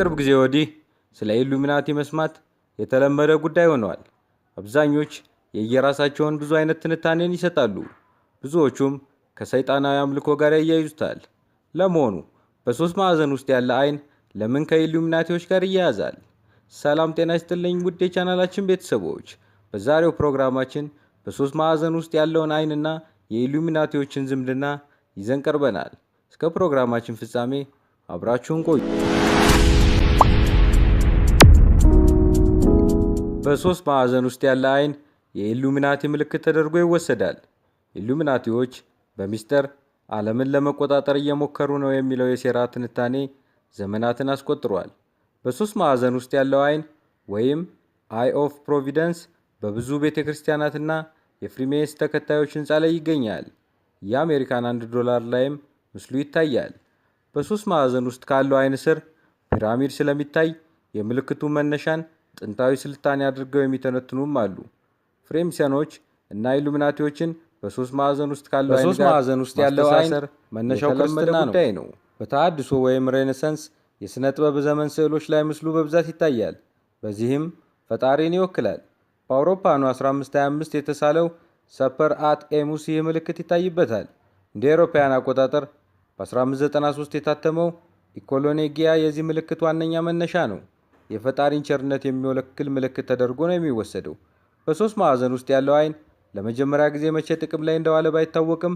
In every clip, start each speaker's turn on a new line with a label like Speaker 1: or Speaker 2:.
Speaker 1: ከቅርብ ጊዜ ወዲህ ስለ ኢሉሚናቲ መስማት የተለመደ ጉዳይ ሆኗል። አብዛኞች የየራሳቸውን ብዙ አይነት ትንታኔን ይሰጣሉ። ብዙዎቹም ከሰይጣናዊ አምልኮ ጋር ያያይዙታል። ለመሆኑ በሶስት ማዕዘን ውስጥ ያለ አይን ለምን ከኢሉሚናቲዎች ጋር ይያያዛል? ሰላም ጤና ይስጥልኝ ውድ የቻናላችን ቤተሰቦች፣ በዛሬው ፕሮግራማችን በሶስት ማዕዘን ውስጥ ያለውን አይንና የኢሉሚናቲዎችን ዝምድና ይዘን ቀርበናል። እስከ ፕሮግራማችን ፍጻሜ አብራችሁን ቆዩ። በሦስት ማዕዘን ውስጥ ያለ አይን የኢሉሚናቲ ምልክት ተደርጎ ይወሰዳል። ኢሉሚናቲዎች በሚስጥር ዓለምን ለመቆጣጠር እየሞከሩ ነው የሚለው የሴራ ትንታኔ ዘመናትን አስቆጥሯል። በሦስት ማዕዘን ውስጥ ያለው አይን ወይም አይ ኦፍ ፕሮቪደንስ በብዙ ቤተ ክርስቲያናትና የፍሪሜንስ ተከታዮች ሕንፃ ላይ ይገኛል። የአሜሪካን አንድ ዶላር ላይም ምስሉ ይታያል። በሦስት ማዕዘን ውስጥ ካለው አይን ስር ፒራሚድ ስለሚታይ የምልክቱ መነሻን ጥንታዊ ስልጣኔ አድርገው የሚተነትኑም አሉ። ፍሬምሰኖች እና ኢሉሚናቲዎችን በሶስት ማዕዘን ውስጥ ካለው በሶስት ማዕዘን ውስጥ ያለው አይን መነሻው ክርስትና ጉዳይ ነው። በተሃድሶ ወይም ሬኔሰንስ የሥነ ጥበብ ዘመን ስዕሎች ላይ ምስሉ በብዛት ይታያል። በዚህም ፈጣሪን ይወክላል። በአውሮፓኑ 1525 የተሳለው ሰፐር አት ኤሙስ ይህ ምልክት ይታይበታል። እንደ ኤሮፓውያን አቆጣጠር በ1593 የታተመው ኢኮሎኔጊያ የዚህ ምልክት ዋነኛ መነሻ ነው። የፈጣሪን ቸርነት የሚወለክል ምልክት ተደርጎ ነው የሚወሰደው። በሶስት ማዕዘን ውስጥ ያለው አይን ለመጀመሪያ ጊዜ መቼ ጥቅም ላይ እንደዋለ ባይታወቅም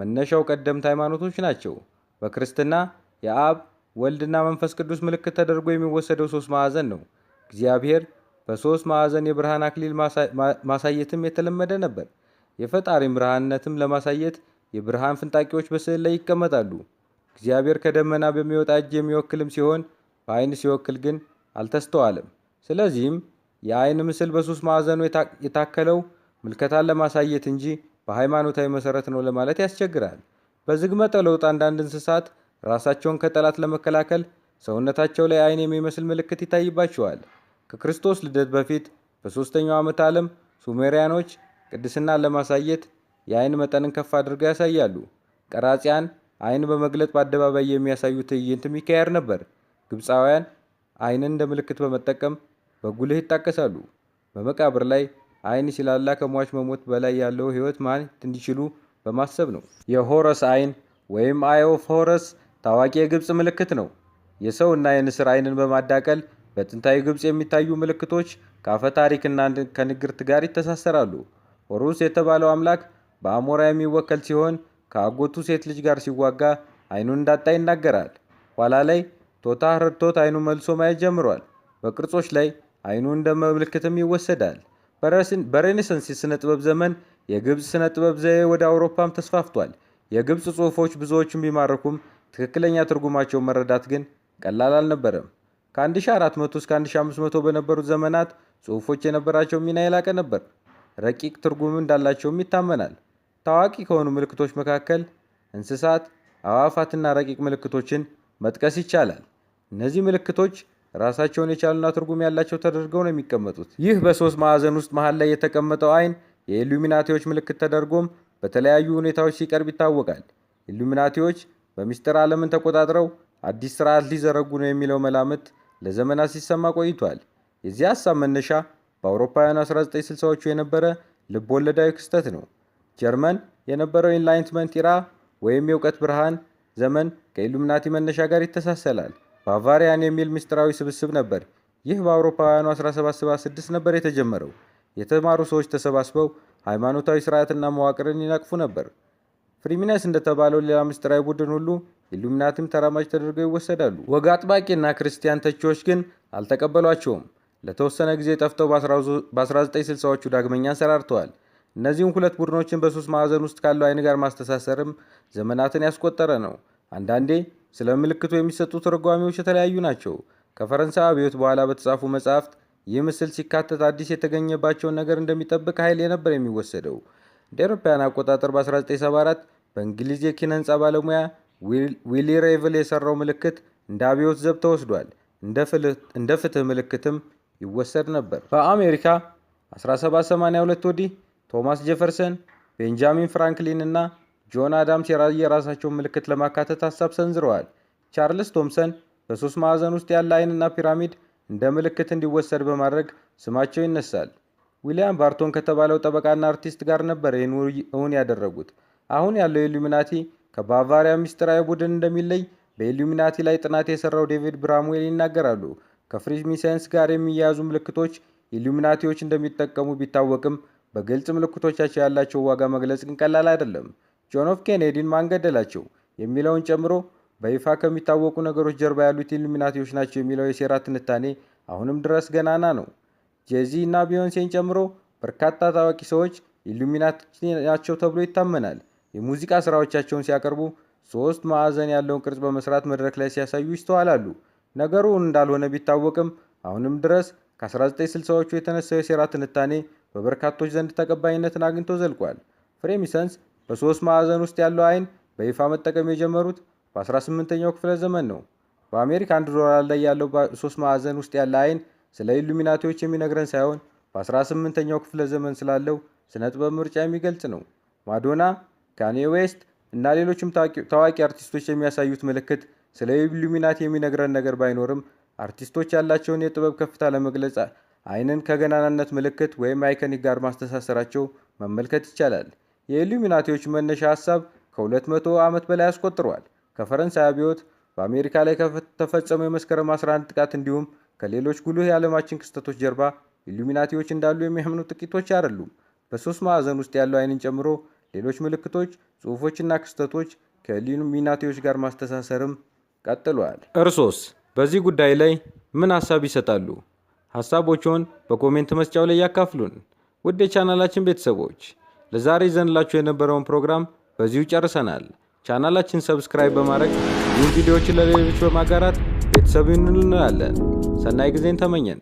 Speaker 1: መነሻው ቀደምት ሃይማኖቶች ናቸው። በክርስትና የአብ ወልድና መንፈስ ቅዱስ ምልክት ተደርጎ የሚወሰደው ሶስት ማዕዘን ነው። እግዚአብሔር በሶስት ማዕዘን የብርሃን አክሊል ማሳየትም የተለመደ ነበር። የፈጣሪን ብርሃንነትም ለማሳየት የብርሃን ፍንጣቂዎች በስዕል ላይ ይቀመጣሉ። እግዚአብሔር ከደመና በሚወጣ እጅ የሚወክልም ሲሆን በአይን ሲወክል ግን አልተስተዋልም። ስለዚህም የአይን ምስል በሶስት ማዕዘኑ የታከለው ምልከታን ለማሳየት እንጂ በሃይማኖታዊ መሰረት ነው ለማለት ያስቸግራል። በዝግመተ ለውጥ አንዳንድ እንስሳት ራሳቸውን ከጠላት ለመከላከል ሰውነታቸው ላይ አይን የሚመስል ምልክት ይታይባቸዋል። ከክርስቶስ ልደት በፊት በሦስተኛው ዓመት ዓለም ሱሜሪያኖች ቅድስናን ለማሳየት የአይን መጠንን ከፍ አድርገው ያሳያሉ። ቀራጺያን አይን በመግለጥ በአደባባይ የሚያሳዩ ትዕይንት ይካሄድ ነበር። ግብፃውያን አይን እንደ ምልክት በመጠቀም በጉልህ ይጣቀሳሉ። በመቃብር ላይ አይን ሲላላ ከሟች መሞት በላይ ያለው ህይወት ማግኘት እንዲችሉ በማሰብ ነው። የሆረስ አይን ወይም አይ ኦፍ ሆረስ ታዋቂ የግብፅ ምልክት ነው። የሰውና የንስር አይንን በማዳቀል በጥንታዊ ግብፅ የሚታዩ ምልክቶች ከአፈ ታሪክና ከንግርት ጋር ይተሳሰራሉ። ሆሩስ የተባለው አምላክ በአሞራ የሚወከል ሲሆን ከአጎቱ ሴት ልጅ ጋር ሲዋጋ አይኑን እንዳጣ ይናገራል። ኋላ ላይ ጦጣ ረድቶት አይኑ መልሶ ማየት ጀምሯል። በቅርጾች ላይ አይኑ እንደ ምልክትም ይወሰዳል። በሬኔሰንስ የሥነ ጥበብ ዘመን የግብፅ ሥነ ጥበብ ዘዬ ወደ አውሮፓም ተስፋፍቷል። የግብፅ ጽሑፎች ብዙዎቹን ቢማርኩም ትክክለኛ ትርጉማቸው መረዳት ግን ቀላል አልነበረም። ከ1400 እስከ 1500 በነበሩት ዘመናት ጽሑፎች የነበራቸው ሚና የላቀ ነበር። ረቂቅ ትርጉም እንዳላቸውም ይታመናል። ታዋቂ ከሆኑ ምልክቶች መካከል እንስሳት፣ አዕዋፋትና ረቂቅ ምልክቶችን መጥቀስ ይቻላል። እነዚህ ምልክቶች ራሳቸውን የቻሉና ትርጉም ያላቸው ተደርገው ነው የሚቀመጡት። ይህ በሶስት ማዕዘን ውስጥ መሀል ላይ የተቀመጠው አይን የኢሉሚናቲዎች ምልክት ተደርጎም በተለያዩ ሁኔታዎች ሲቀርብ ይታወቃል። ኢሉሚናቲዎች በሚስጥር ዓለምን ተቆጣጥረው አዲስ ስርዓት ሊዘረጉ ነው የሚለው መላምት ለዘመናት ሲሰማ ቆይቷል። የዚህ ሀሳብ መነሻ በአውሮፓውያኑ 1960ዎቹ የነበረ ልብ ወለዳዊ ክስተት ነው። ጀርመን የነበረው ኢንላይንትመንት ኢራ ወይም የእውቀት ብርሃን ዘመን ከኢሉሚናቲ መነሻ ጋር ይተሳሰላል። ባቫሪያን የሚል ምስጢራዊ ስብስብ ነበር። ይህ በአውሮፓውያኑ 1776 ነበር የተጀመረው። የተማሩ ሰዎች ተሰባስበው ሃይማኖታዊ ስርዓትና መዋቅርን ይነቅፉ ነበር። ፍሪሚነስ እንደተባለው ሌላ ምስጢራዊ ቡድን ሁሉ ኢሉሚናትም ተራማጅ ተደርገው ይወሰዳሉ። ወግ አጥባቂና ክርስቲያን ተቺዎች ግን አልተቀበሏቸውም። ለተወሰነ ጊዜ ጠፍተው በ1960ዎቹ ዳግመኛ አንሰራርተዋል። እነዚህም ሁለት ቡድኖችን በሶስት ማዕዘን ውስጥ ካለው አይን ጋር ማስተሳሰርም ዘመናትን ያስቆጠረ ነው። አንዳንዴ ስለ ምልክቱ የሚሰጡ ትርጓሜዎች የተለያዩ ናቸው። ከፈረንሳይ አብዮት በኋላ በተጻፉ መጻሕፍት ይህ ምስል ሲካተት አዲስ የተገኘባቸውን ነገር እንደሚጠብቅ ኃይል የነበር የሚወሰደው። እንደ አውሮፓውያን አቆጣጠር በ1974 በእንግሊዝ የኪነ ባለሙያ ዊሊ ሬቭል የሰራው ምልክት እንደ አብዮት ዘብ ተወስዷል፣ እንደ ፍትህ ምልክትም ይወሰድ ነበር። በአሜሪካ 1782 ወዲህ ቶማስ ጄፈርሰን፣ ቤንጃሚን ፍራንክሊን እና ጆን አዳምስ የራሳቸውን ምልክት ለማካተት ሀሳብ ሰንዝረዋል። ቻርልስ ቶምሰን በሶስት ማዕዘን ውስጥ ያለ አይንና ፒራሚድ እንደ ምልክት እንዲወሰድ በማድረግ ስማቸው ይነሳል። ዊሊያም ባርቶን ከተባለው ጠበቃና አርቲስት ጋር ነበር ይህን እውን ያደረጉት። አሁን ያለው ኢሉሚናቲ ከባቫሪያ ሚስጥራዊ ቡድን እንደሚለይ በኢሉሚናቲ ላይ ጥናት የሰራው ዴቪድ ብራምዌል ይናገራሉ። ከፍሪሚሰንስ ጋር የሚያያዙ ምልክቶች ኢሉሚናቲዎች እንደሚጠቀሙ ቢታወቅም በግልጽ ምልክቶቻቸው ያላቸው ዋጋ መግለጽ ግን ቀላል አይደለም። ጆን ኦፍ ኬኔዲን ማን ገደላቸው የሚለውን ጨምሮ በይፋ ከሚታወቁ ነገሮች ጀርባ ያሉት ኢሉሚናቲዎች ናቸው የሚለው የሴራ ትንታኔ አሁንም ድረስ ገናና ነው። ጄዚ እና ቢዮንሴን ጨምሮ በርካታ ታዋቂ ሰዎች ኢሉሚናቲ ናቸው ተብሎ ይታመናል። የሙዚቃ ስራዎቻቸውን ሲያቀርቡ ሶስት ማዕዘን ያለውን ቅርጽ በመስራት መድረክ ላይ ሲያሳዩ ይስተዋላሉ። ነገሩ እንዳልሆነ ቢታወቅም አሁንም ድረስ ከ1960ዎቹ የተነሳው የሴራ ትንታኔ በበርካቶች ዘንድ ተቀባይነትን አግኝቶ ዘልቋል። ፍሬሚሰንስ በሶስት ማዕዘን ውስጥ ያለው አይን በይፋ መጠቀም የጀመሩት በ18ኛው ክፍለ ዘመን ነው። በአሜሪካ አንድ ዶላር ላይ ያለው በሶስት ማዕዘን ውስጥ ያለ አይን ስለ ኢሉሚናቲዎች የሚነግረን ሳይሆን በ18ኛው ክፍለ ዘመን ስላለው ስነ ጥበብ ምርጫ የሚገልጽ ነው። ማዶና፣ ካኔ ዌስት እና ሌሎችም ታዋቂ አርቲስቶች የሚያሳዩት ምልክት ስለ ኢሉሚናት የሚነግረን ነገር ባይኖርም አርቲስቶች ያላቸውን የጥበብ ከፍታ ለመግለጽ አይንን ከገናናነት ምልክት ወይም አይከኒክ ጋር ማስተሳሰራቸው መመልከት ይቻላል። የኢሉሚናቲዎች መነሻ ሀሳብ ከ200 ዓመት በላይ አስቆጥሯል። ከፈረንሳይ አብዮት በአሜሪካ ላይ ከተፈጸመው የመስከረም 11 ጥቃት እንዲሁም ከሌሎች ጉልህ የዓለማችን ክስተቶች ጀርባ ኢሉሚናቲዎች እንዳሉ የሚያምኑ ጥቂቶች አይደሉም። በሶስት ማዕዘን ውስጥ ያለው አይንን ጨምሮ ሌሎች ምልክቶች፣ ጽሑፎችና ክስተቶች ከኢሉሚናቲዎች ጋር ማስተሳሰርም ቀጥሏል።
Speaker 2: እርሶስ በዚህ ጉዳይ ላይ ምን ሀሳብ ይሰጣሉ? ሀሳቦችን በኮሜንት መስጫው ላይ ያካፍሉን። ውድ የቻናላችን ቤተሰቦች ለዛሬ ይዘንላችሁ የነበረውን ፕሮግራም በዚሁ ጨርሰናል። ቻናላችን ሰብስክራይብ በማድረግ ይህን ቪዲዮዎችን ለሌሎች በማጋራት ቤተሰብ ይሁኑን እንላለን። ሰናይ ጊዜን ተመኘን።